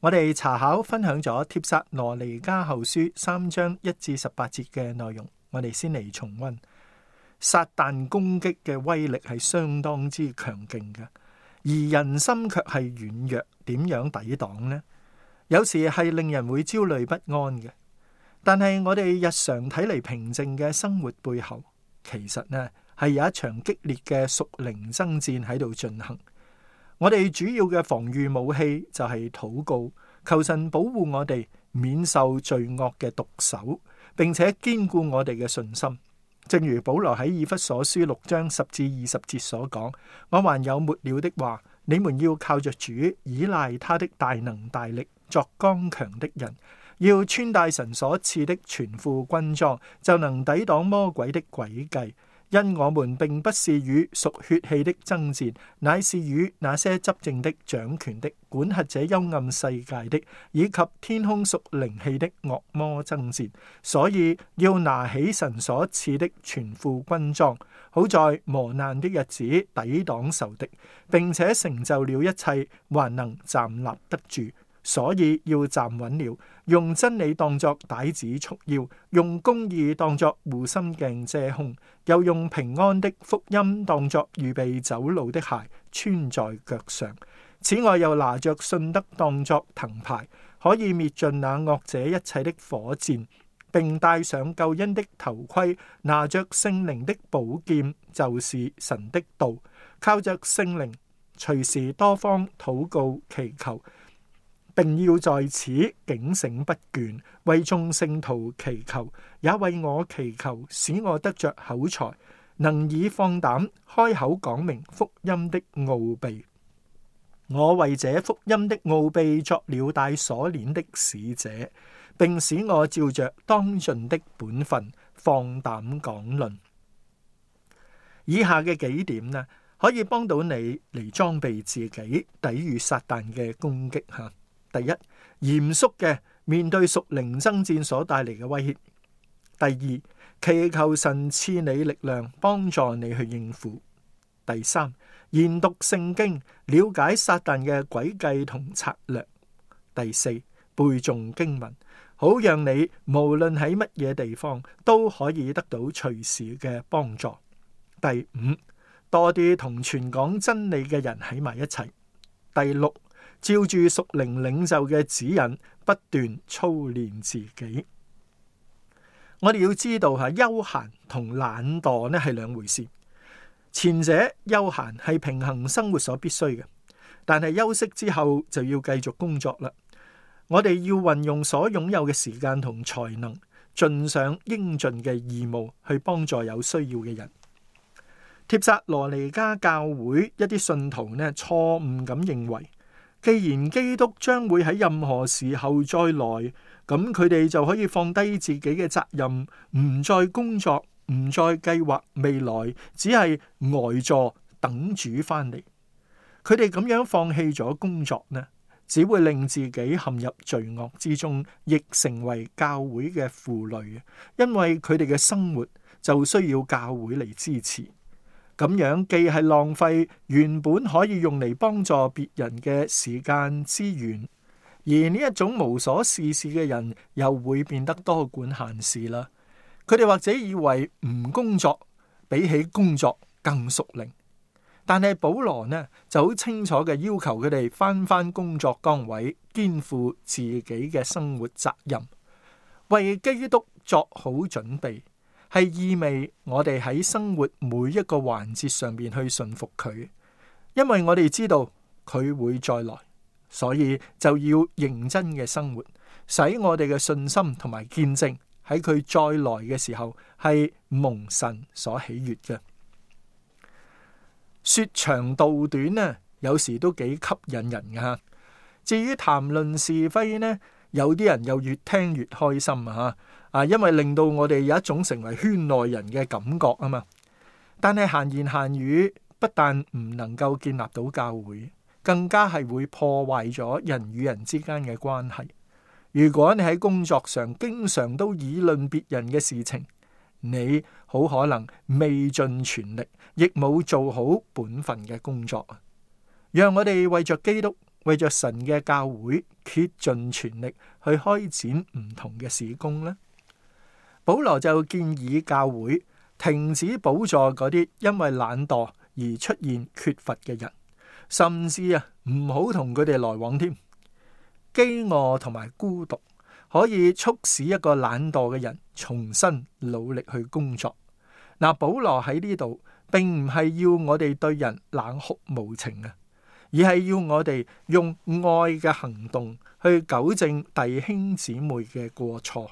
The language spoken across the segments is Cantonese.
我哋查考分享咗帖撒羅尼加後書三章一至十八節嘅內容，我哋先嚟重溫。撒旦攻擊嘅威力係相當之強勁嘅，而人心卻係軟弱，點樣抵擋呢？有時係令人會焦慮不安嘅。但係我哋日常睇嚟平靜嘅生活背後，其實呢係有一場激烈嘅屬靈爭戰喺度進行。我哋主要嘅防御武器就係禱告，求神保護我哋免受罪惡嘅毒手，並且堅固我哋嘅信心。正如保羅喺以弗所書六章十至二十節所講，我還有末了的話：你們要靠着主，依賴他的大能大力，作剛強的人，要穿戴神所賜的全副軍裝，就能抵擋魔鬼的詭計。因我們並不是與屬血氣的爭戰，乃是與那些執政的、掌權的、管轄這幽暗世界的，以及天空屬靈氣的惡魔爭戰，所以要拿起神所賜的全副軍裝，好在磨難的日子抵擋仇敵，並且成就了一切，還能站立得住。所以要站穩了，用真理當作帶子束腰，用公義當作護心鏡遮胸，又用平安的福音當作預備走路的鞋穿在腳上。此外，又拿着信德當作藤牌，可以滅盡那惡者一切的火箭，並戴上救恩的頭盔，拿着聖靈的寶劍，就是神的道。靠着聖靈，隨時多方禱告祈求。並要在此警醒不倦，為眾聖徒祈求，也為我祈求，使我得着口才，能以放膽開口講明福音的奧祕。我為這福音的奧祕作了帶鎖鏈的使者，並使我照着當盡的本分放膽講論。以下嘅幾點咧，可以幫到你嚟裝備自己，抵禦撒旦嘅攻擊吓。第一，嚴肅嘅面對屬靈爭戰所帶嚟嘅威脅；第二，祈求神賜你力量，幫助你去應付；第三，研讀聖經，了解撒但嘅詭計同策略；第四，背誦經文，好讓你無論喺乜嘢地方都可以得到隨時嘅幫助；第五，多啲同傳講真理嘅人喺埋一齊；第六，照住屬靈領袖嘅指引，不斷操練自己。我哋要知道吓，休閒同懶惰呢係兩回事。前者休閒係平衡生活所必須嘅，但係休息之後就要繼續工作啦。我哋要運用所擁有嘅時間同才能，盡上應盡嘅義務去幫助有需要嘅人。帖撒羅尼加教會一啲信徒呢錯誤咁認為。既然基督將會喺任何時候再來，咁佢哋就可以放低自己嘅責任，唔再工作，唔再計劃未來，只係呆坐等主返嚟。佢哋咁樣放棄咗工作呢，只會令自己陷入罪惡之中，亦成為教會嘅負累，因為佢哋嘅生活就需要教會嚟支持。咁樣既係浪費原本可以用嚟幫助別人嘅時間資源，而呢一種無所事事嘅人又會變得多管閒事啦。佢哋或者以為唔工作比起工作更屬靈，但係保羅呢就好清楚嘅要求佢哋返返工作崗位，肩負自己嘅生活責任，為基督作好準備。係意味我哋喺生活每一個環節上面去順服佢，因為我哋知道佢會再來，所以就要認真嘅生活，使我哋嘅信心同埋見證喺佢再來嘅時候係蒙神所喜悅嘅。說長道短呢，有時都幾吸引人噶吓。至於談論是非呢，有啲人又越聽越開心啊。啊，因為令到我哋有一種成為圈內人嘅感覺啊嘛。但係閒言閒語不但唔能夠建立到教會，更加係會破壞咗人與人之間嘅關係。如果你喺工作上經常都議論別人嘅事情，你好可能未盡全力，亦冇做好本份嘅工作啊。讓我哋為着基督，為着神嘅教會竭盡全力去開展唔同嘅事工呢。保羅就建議教會停止補助嗰啲因為懶惰而出現缺乏嘅人，甚至啊唔好同佢哋來往添。飢餓同埋孤獨可以促使一個懶惰嘅人重新努力去工作。嗱，保羅喺呢度並唔係要我哋對人冷酷無情啊，而係要我哋用愛嘅行動去糾正弟兄姊妹嘅過錯。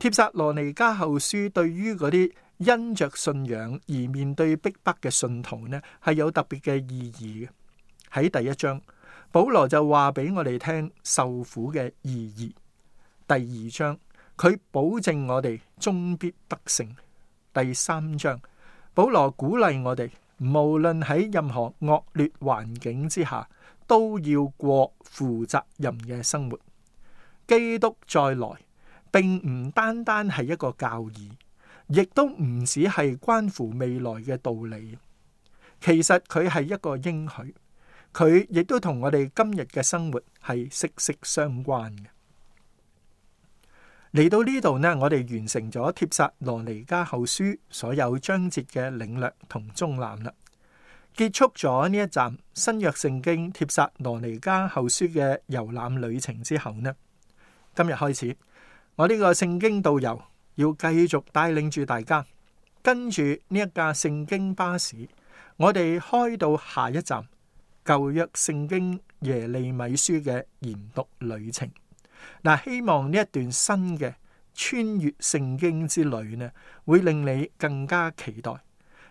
帖撒羅尼加後書對於嗰啲因着信仰而面對逼迫嘅信徒呢，係有特別嘅意義嘅。喺第一章，保羅就話俾我哋聽受苦嘅意義；第二章，佢保證我哋終必得勝；第三章，保羅鼓勵我哋無論喺任何惡劣環境之下，都要過負責任嘅生活。基督再來。並唔單單係一個教義，亦都唔只係關乎未來嘅道理。其實佢係一個應許，佢亦都同我哋今日嘅生活係息息相關嘅。嚟到呢度呢，我哋完成咗帖撒羅尼加後書所有章節嘅領略同綜覽啦。結束咗呢一站新約聖經帖撒羅尼加後書嘅遊覽旅程之後呢，今日開始。我呢個聖經導遊要繼續帶領住大家，跟住呢一架聖經巴士，我哋開到下一站舊約聖經耶利米書嘅研讀旅程。嗱，希望呢一段新嘅穿越聖經之旅呢，會令你更加期待，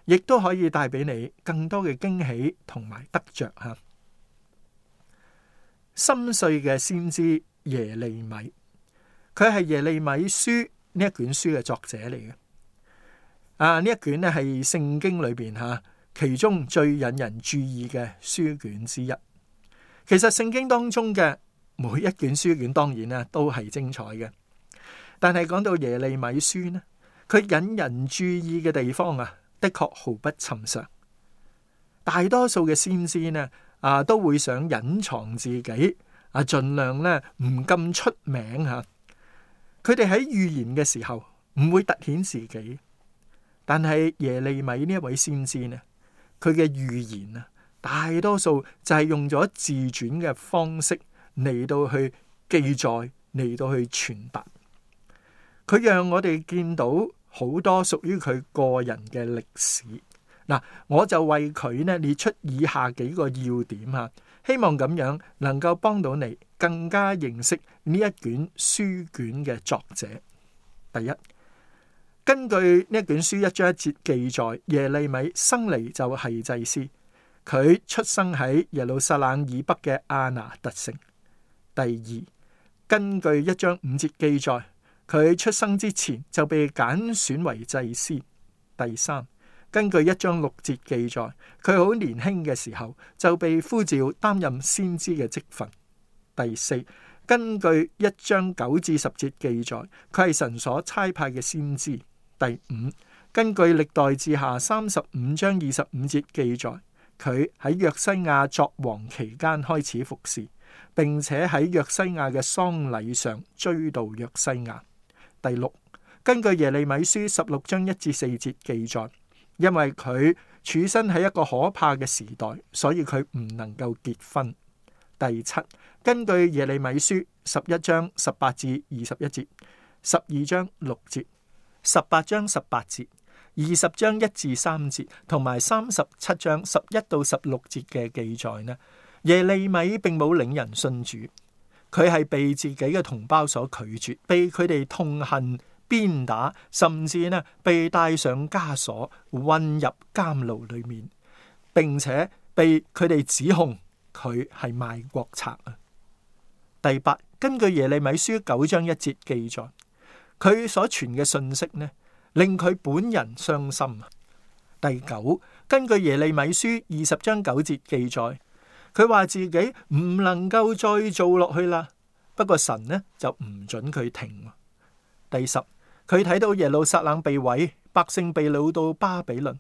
亦都可以帶俾你更多嘅驚喜同埋得着啊！心碎嘅先知耶利米。佢係耶利米書呢一卷書嘅作者嚟嘅。啊，呢一卷咧，係聖經裏邊吓，其中最引人注意嘅書卷之一。其實聖經當中嘅每一卷書卷，當然咧，都係精彩嘅。但係講到耶利米書呢，佢引人注意嘅地方啊，的確毫不尋常。大多數嘅先知咧啊，都會想隱藏自己啊，盡量咧唔咁出名吓。佢哋喺預言嘅時候唔會突顯自己，但係耶利米呢位先知呢，佢嘅預言啊，大多數就係用咗自傳嘅方式嚟到去記載，嚟到去傳達。佢讓我哋見到好多屬於佢個人嘅歷史。嗱，我就為佢呢列出以下幾個要點啊。希望咁樣能夠幫到你更加認識呢一卷書卷嘅作者。第一，根據呢一卷書一章一節記載，耶利米生嚟就係祭司，佢出生喺耶路撒冷以北嘅阿拿特城。第二，根據一章五節記載，佢出生之前就被揀選為祭司。第三。根據一章六節記載，佢好年輕嘅時候就被呼召擔任先知嘅職份。第四，根據一章九至十節記載，佢係神所差派嘅先知。第五，根據歷代志下三十五章二十五節記載，佢喺約西亞作王期間開始服侍，並且喺約西亞嘅喪禮上追悼約西亞。第六，根據耶利米書十六章一至四節記載。因為佢處身喺一個可怕嘅時代，所以佢唔能夠結婚。第七，根據耶利米書十一章十八至二十一節、十二章六節、十八章十八節、二十章一至三節，同埋三十七章十一到十六節嘅記載呢，耶利米並冇領人信主，佢係被自己嘅同胞所拒絕，被佢哋痛恨。鞭打，甚至呢被戴上枷鎖，混入監牢裏面，並且被佢哋指控佢係賣國賊啊！第八，根據耶利米書九章一節記載，佢所傳嘅信息呢，令佢本人傷心啊！第九，根據耶利米書二十章九節記載，佢話自己唔能夠再做落去啦，不過神呢就唔準佢停。第十。佢睇到耶路撒冷被毀，百姓被擄到巴比倫，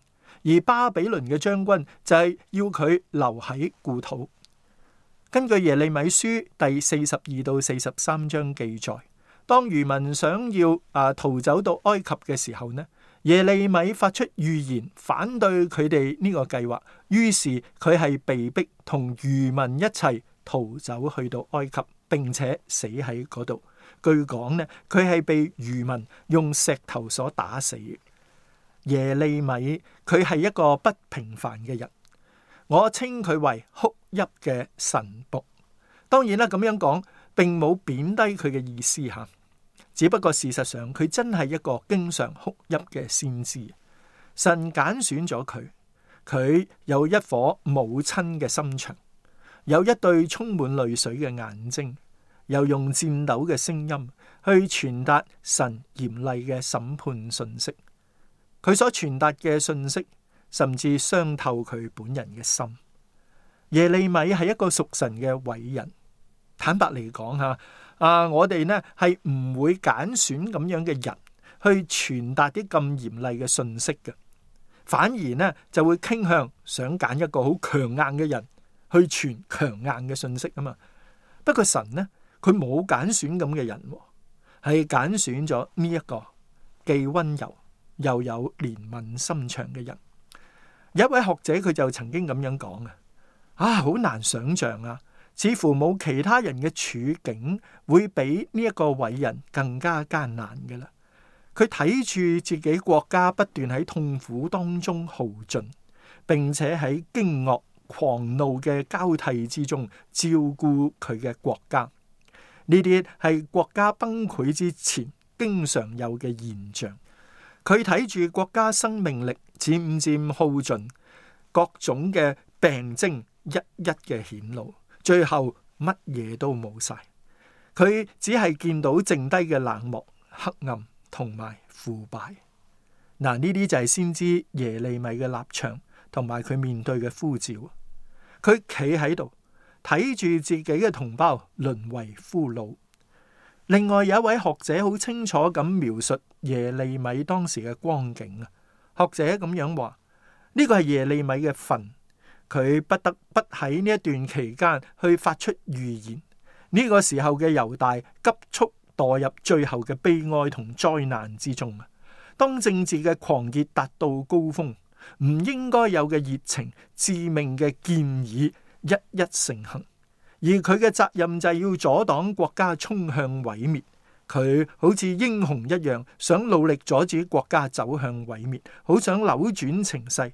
而巴比倫嘅將軍就係要佢留喺故土。根據耶利米書第四十二到四十三章記載，當餘民想要啊逃走到埃及嘅時候呢，耶利米發出預言反對佢哋呢個計劃，於是佢係被逼同餘民一齊逃走去到埃及，並且死喺嗰度。據講呢，佢係被漁民用石頭所打死。耶利米佢係一個不平凡嘅人，我稱佢為哭泣嘅神僕。當然啦，咁樣講並冇貶低佢嘅意思吓，只不過事實上佢真係一個經常哭泣嘅先知。神揀選咗佢，佢有一顆母親嘅心腸，有一對充滿淚水嘅眼睛。又用顫抖嘅聲音去傳達神嚴厲嘅審判信息，佢所傳達嘅信息甚至傷透佢本人嘅心。耶利米係一個屬神嘅偉人，坦白嚟講吓，啊，我哋呢係唔會揀選咁樣嘅人去傳達啲咁嚴厲嘅信息嘅，反而呢就會傾向想揀一個好強硬嘅人去傳強硬嘅信息啊嘛。不過神呢？佢冇揀選咁嘅人，係揀選咗呢一個既溫柔又有憐憫心腸嘅人。有一位學者佢就曾經咁樣講啊：啊，好難想象啊，似乎冇其他人嘅處境會比呢一個偉人更加艱難嘅啦。佢睇住自己國家不斷喺痛苦當中耗盡，並且喺驚愕狂怒嘅交替之中照顧佢嘅國家。呢啲係國家崩潰之前經常有嘅現象，佢睇住國家生命力漸漸耗盡，各種嘅病徵一一嘅顯露，最後乜嘢都冇晒，佢只係見到剩低嘅冷漠、黑暗同埋腐敗。嗱，呢啲就係先知耶利米嘅立場同埋佢面對嘅呼召，佢企喺度，睇住自己嘅同胞淪為俘虜。另外有一位學者好清楚咁描述耶利米當時嘅光景啊。學者咁樣話：呢個係耶利米嘅墳，佢不得不喺呢一段期間去發出預言。呢個時候嘅猶大急速墮入最後嘅悲哀同災難之中啊！當政治嘅狂熱達到高峰，唔應該有嘅熱情，致命嘅建議。一一成行，而佢嘅責任就係要阻擋國家衝向毀滅。佢好似英雄一樣，想努力阻止國家走向毀滅，好想扭轉情勢。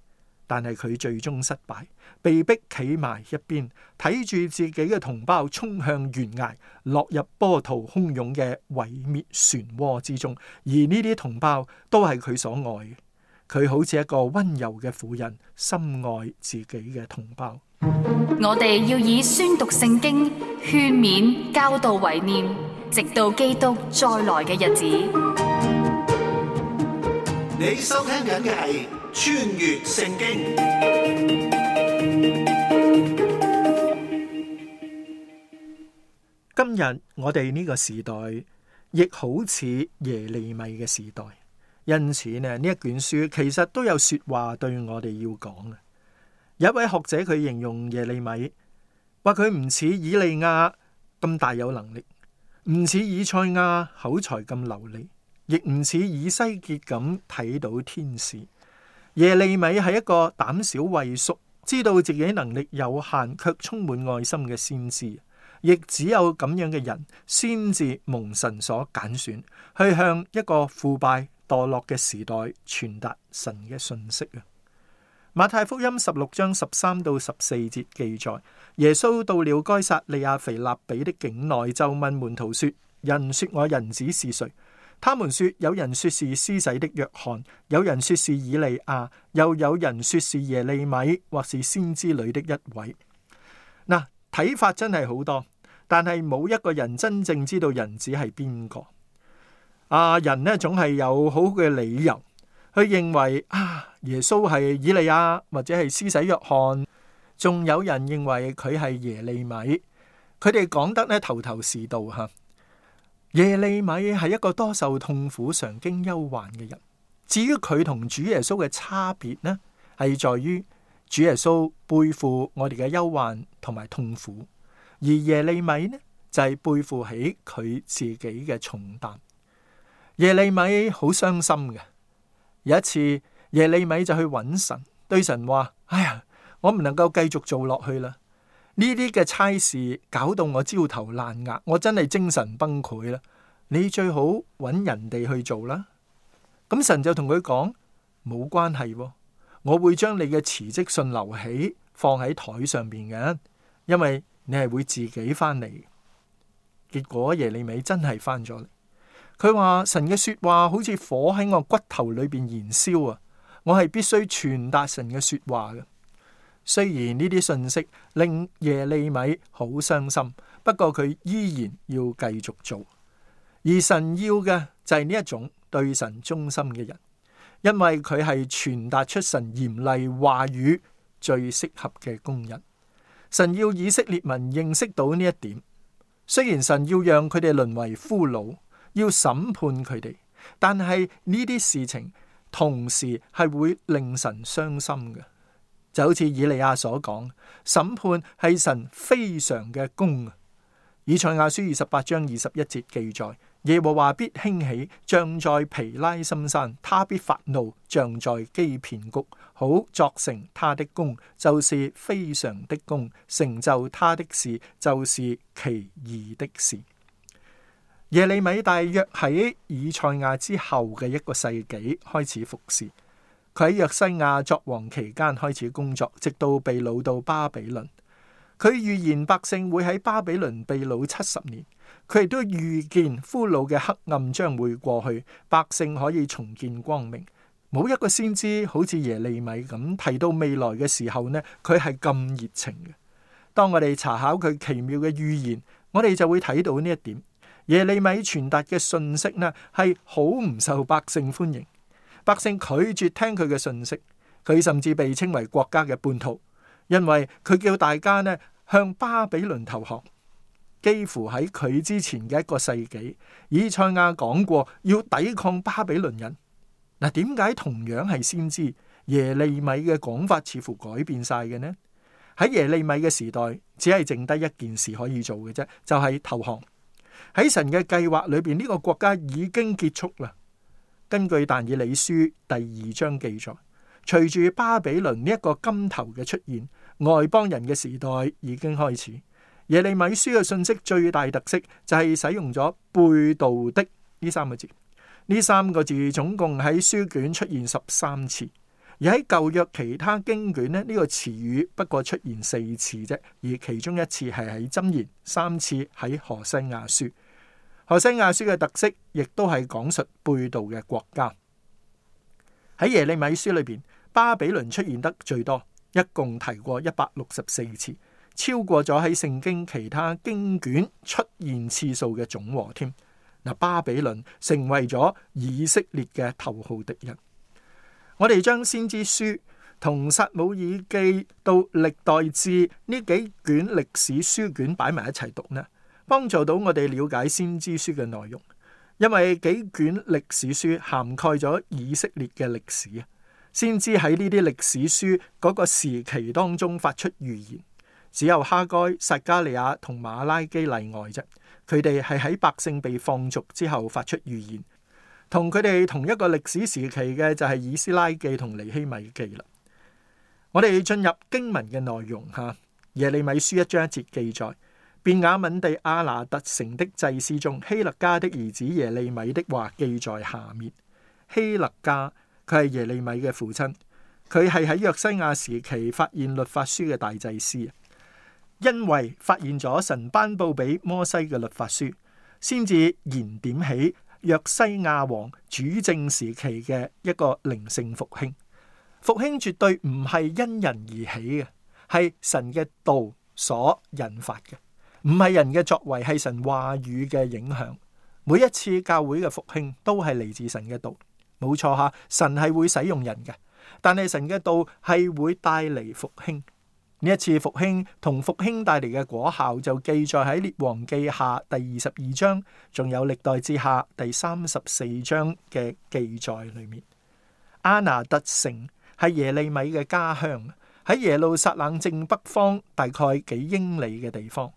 但係佢最終失敗，被迫企埋一邊，睇住自己嘅同胞衝向懸崖，落入波濤洶湧嘅毀滅漩渦之中。而呢啲同胞都係佢所愛嘅。佢好似一個溫柔嘅婦人，深愛自己嘅同胞。我哋要以宣讀聖經、勸勉、教導、為念，直到基督再來嘅日子。你收聽緊嘅係《穿越聖經》。今日我哋呢個時代，亦好似耶利米嘅時代。因此咧，呢一卷書其實都有說話對我哋要講。有一位學者佢形容耶利米話佢唔似以利亞咁大有能力，唔似以賽亞口才咁流利，亦唔似以西結咁睇到天使。耶利米係一個膽小畏縮，知道自己能力有限，卻充滿愛心嘅先知。亦只有咁樣嘅人先至蒙神所揀選，去向一個腐敗墮落嘅時代，傳達神嘅信息啊！馬太福音十六章十三到十四節記載，耶穌到了該撒利亞腓立比的境內，就問門徒說：人說我人子是誰？他們說：有人說是施洗的約翰，有人說是以利亞，又有人說是耶利米或是先知裏的一位。嗱，睇法真係好多，但係冇一個人真正知道人子係邊個。啊！人呢，總係有好嘅理由，佢認為啊，耶穌係以利亞或者係施洗約翰，仲有人認為佢係耶利米。佢哋講得呢頭頭是道吓。耶利米係一個多受痛苦、常經憂患嘅人。至於佢同主耶穌嘅差別呢，係在於主耶穌背負我哋嘅憂患同埋痛苦，而耶利米呢就係、是、背負起佢自己嘅重擔。耶利米好傷心嘅。有一次，耶利米就去揾神，對神話，哎呀，我唔能夠繼續做落去啦，呢啲嘅差事搞到我焦頭爛額，我真係精神崩潰啦。你最好揾人哋去做啦。咁，嗯，神就同佢講冇關係，哦，我會將你嘅辭職信留起放喺台上面嘅，因為你係會自己翻嚟。結果耶利米真係翻咗嚟。佢話神嘅說話好似火喺我骨頭裏邊燃燒啊！我係必須傳達神嘅說話嘅。雖然呢啲信息令耶利米好傷心，不過佢依然要繼續做。而神要嘅就係呢一種對神忠心嘅人，因為佢係傳達出神嚴厲話語最適合嘅工人。神要以色列民認識到呢一點，雖然神要讓佢哋淪為俘虜，要審判佢哋，但係呢啲事情同時係會令神傷心嘅，就好似以利亞所講，審判係神非常嘅功。以賽亞書二十八章二十一節記載：耶和華必興起，像在皮拉心山；他必發怒，像在基遍谷，好作成他的功，就是非常的功；成就他的事，就是奇異的事。耶利米大約喺以賽亞之後嘅一個世紀開始服侍。佢喺約西亞作王期間開始工作，直到被擄到巴比倫。佢預言百姓會喺巴比倫被擄七十年，佢亦都預見俘虜嘅黑暗將會過去，百姓可以重見光明。冇一個先知好似耶利米咁提到未來嘅時候呢，佢係咁熱情嘅。當我哋查考佢奇妙嘅預言，我哋就會睇到呢一點。耶利米傳達嘅信息呢，係好唔受百姓歡迎，百姓拒絕聽佢嘅信息。佢甚至被稱為國家嘅叛徒，因為佢叫大家呢向巴比倫投降。幾乎喺佢之前嘅一個世紀，以賽亞講過要抵抗巴比倫人。嗱，點解同樣係先知耶利米嘅講法似乎改變晒嘅呢？喺耶利米嘅時代，只係剩低一件事可以做嘅啫，就係投降。喺神嘅計劃裏邊，呢、這個國家已經結束啦。根據但以理書第二章記載，隨住巴比倫呢一個金頭嘅出現，外邦人嘅時代已經開始。耶利米書嘅信息最大特色就係使用咗背道的呢三個字，呢三個字總共喺書卷出現十三次。而喺舊約其他經卷呢，呢、呢個詞語不過出現四次啫，而其中一次係喺箴言，三次喺何西阿書。何西阿書嘅特色亦都係講述背道嘅國家。喺耶利米書裏邊，巴比倫出現得最多，一共提過一百六十四次，超過咗喺聖經其他經卷出現次數嘅總和添。巴比倫成為咗以色列嘅頭號敵人。我哋將先知書同撒母耳記到歷代志呢幾卷歷史書卷擺埋一齊讀呢，幫助到我哋了解先知書嘅內容。因為幾卷歷史書涵蓋咗以色列嘅歷史啊，先知喺呢啲歷史書嗰個時期當中發出預言，只有哈該、撒迦利亞同馬拉基例外啫。佢哋係喺百姓被放逐之後發出預言。同佢哋同一個歷史時期嘅就係以斯拉記同尼希米記啦。我哋進入經文嘅內容吓，耶利米書一章一節記載：便雅憫地阿拿特城的祭司中，希勒家的兒子耶利米的話記在下面。希勒家佢係耶利米嘅父親，佢係喺約西亞時期發現律法書嘅大祭司，因為發現咗神頒布俾摩西嘅律法書，先至燃點起。若西亞王主政時期嘅一個靈性復興，復興絕對唔係因人而起嘅，係神嘅道所引發嘅，唔係人嘅作為，係神話語嘅影響。每一次教會嘅復興都係嚟自神嘅道，冇錯吓，神係會使用人嘅，但係神嘅道係會帶嚟復興。呢一次復興同復興帶嚟嘅果效就記載喺《列王記》下第二十二章，仲有歷代志下第三十四章嘅記載裏面。阿拿特城係耶利米嘅家鄉，喺耶路撒冷正北方大概幾英里嘅地方。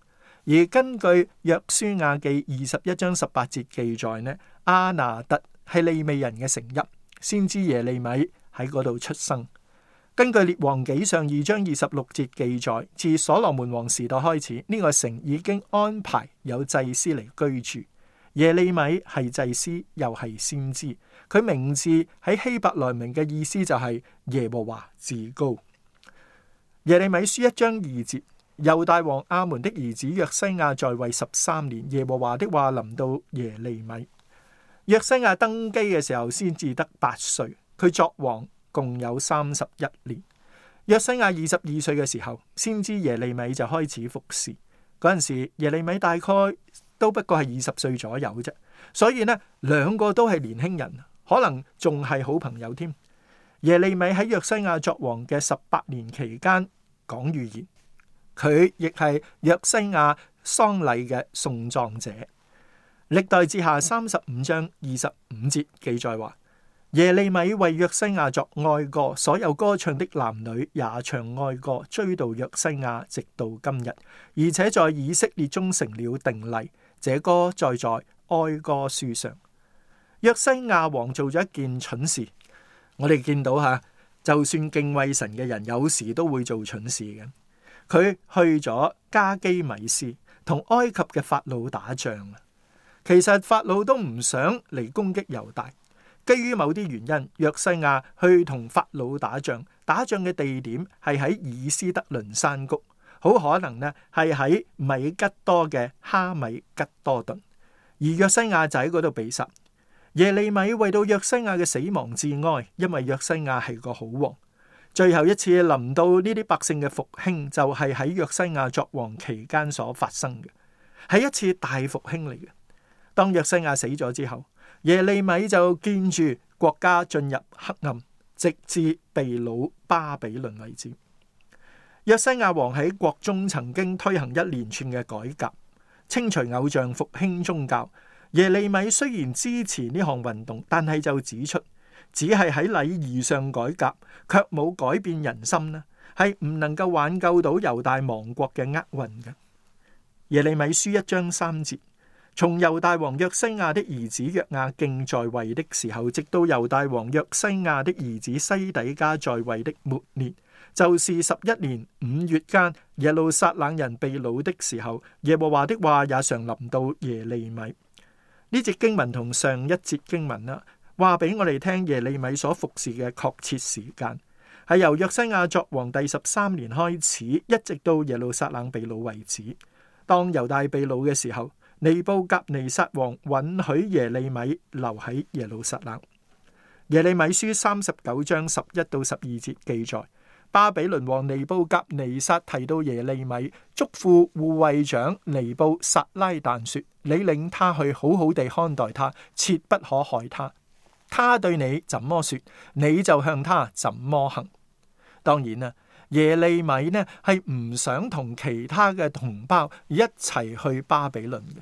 而根據《約書亞記》二十一章十八節記載呢，阿拿特係利未人嘅城邑，先知耶利米喺嗰度出生。根據列王紀上二章二十六節記載，自所羅門王時代開始，呢個城已經安排有祭司嚟居住。耶利米係祭司，又係先知。佢名字喺希伯來文嘅意思就係耶和華至高。耶利米書一章二節，猶大王亞們的兒子約西亞在位十三年，耶和華的話臨到耶利米。約西亞登基嘅時候先至得八歲，佢作王，共有三十一年，約西亞二十二歲嘅時候，先知耶利米就開始服侍。嗰陣時，耶利米大概都不過係二十歲左右啫，所以呢兩個都係年輕人，可能仲係好朋友添。耶利米喺約西亞作王嘅十八年期間講預言，佢亦係約西亞喪禮嘅送葬者。歷代志下三十五章二十五節記載話。耶利米為約西亞作哀歌，所有歌唱的男女也唱哀歌，追悼約西亞，直到今日。而且在以色列中成了定例，這歌載在哀歌書上。約西亞王做咗一件蠢事，我哋見到吓，就算敬畏神嘅人，有時都會做蠢事嘅。佢去咗加基米斯同埃及嘅法老打仗，其實法老都唔想嚟攻擊猶大。基於某啲原因，約西亞去同法老打仗，打仗嘅地點係喺以斯德倫山谷，好可能呢係喺米吉多嘅哈米吉多頓，而約西亞仔嗰度被殺。耶利米為到約西亞嘅死亡致哀，因為約西亞係個好王。最後一次臨到呢啲百姓嘅復興，就係喺約西亞作王期間所發生嘅，係一次大復興嚟嘅。當約西亞死咗之後。耶利米就見住國家進入黑暗，直至被擄巴比倫為止。約西亞王喺國中曾經推行一連串嘅改革，清除偶像，復興宗教。耶利米雖然支持呢項運動，但係就指出，只係喺禮儀上改革，卻冇改變人心，呢係唔能夠挽救到猶大亡國嘅厄運嘅。耶利米書一章三節。從猶大王約西亞的兒子約雅敬在位的時候，直到猶大王約西亞的兒子西底家在位的末年，就是十一年五月間耶路撒冷人被擄的時候，耶和華的話也常臨到耶利米。呢節經文同上一節經文啦，話俾我哋聽耶利米所服侍嘅確切時間係由約西亞作王第十三年開始，一直到耶路撒冷被擄為止。當猶大被擄嘅時候。尼布甲尼撒王允許耶利米留喺耶路撒冷。耶利米書三十九章十一到十二節記載，巴比倫王尼布甲尼撒提到耶利米，囑咐護衛長尼布撒拉旦說：你領他去好好地看待他，切不可害他。他對你怎麼說，你就向他怎麼行。當然啦。耶利米呢係唔想同其他嘅同胞一齊去巴比倫嘅，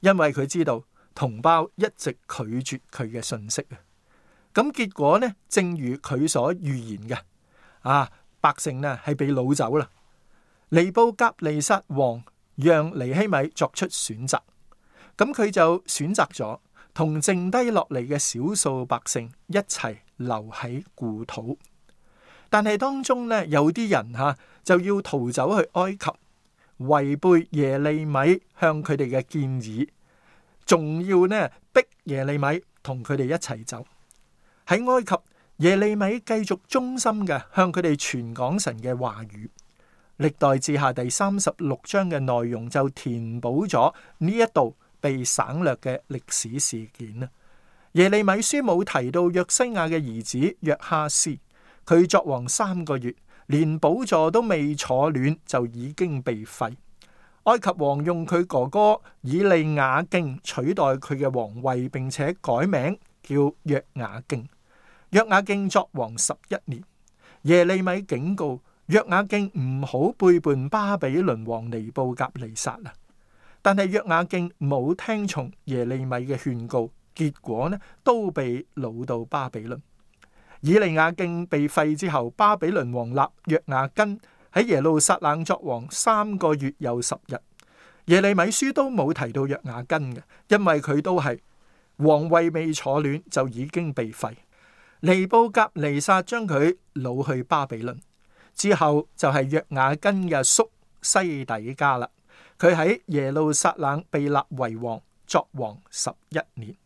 因為佢知道同胞一直拒絕佢嘅訊息啊。咁、嗯、結果呢，正如佢所預言嘅，啊百姓呢係被擄走啦。尼布甲尼撒王讓尼希米作出選擇，咁、嗯、佢就選擇咗同剩低落嚟嘅少數百姓一齊留喺故土。但係當中咧，有啲人吓、啊、就要逃走去埃及，違背耶利米向佢哋嘅建議，仲要呢逼耶利米同佢哋一齊走。喺埃及，耶利米繼續忠心嘅向佢哋傳講神嘅話語。歷代志下第三十六章嘅內容就填補咗呢一度被省略嘅歷史事件啊！耶利米書冇提到約西亞嘅兒子約哈斯。佢作王三個月，連寶座都未坐暖就已經被廢。埃及王用佢哥哥以利雅敬取代佢嘅皇位，並且改名叫約雅敬。約雅敬作王十一年，耶利米警告約雅敬唔好背叛巴比倫王尼布甲尼撒啊！但係約雅敬冇聽從耶利米嘅勸告，結果呢都被擄到巴比倫。以利亞敬被廢之後，巴比倫王立約雅斤喺耶路撒冷作王三個月又十日。耶利米書都冇提到約雅斤嘅，因為佢都係王位未坐暖就已經被廢。尼布甲尼撒將佢擄去巴比倫之後，就係約雅斤嘅叔西底家啦。佢喺耶路撒冷被立為王，作王十一年。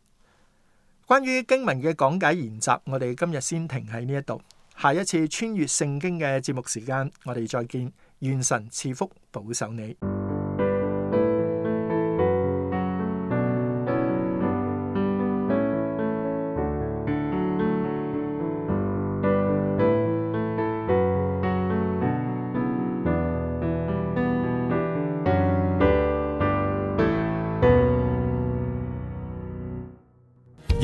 關於經文嘅講解研習，我哋今日先停喺呢一度。下一次穿越聖經嘅節目時間，我哋再見。願神賜福保守你。